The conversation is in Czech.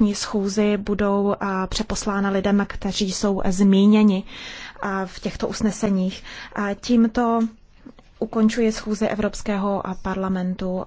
dnešní schůzi budou přeposlána lidem, kteří jsou zmíněni v těchto usneseních. Tímto ukončuji schůzi Evropského parlamentu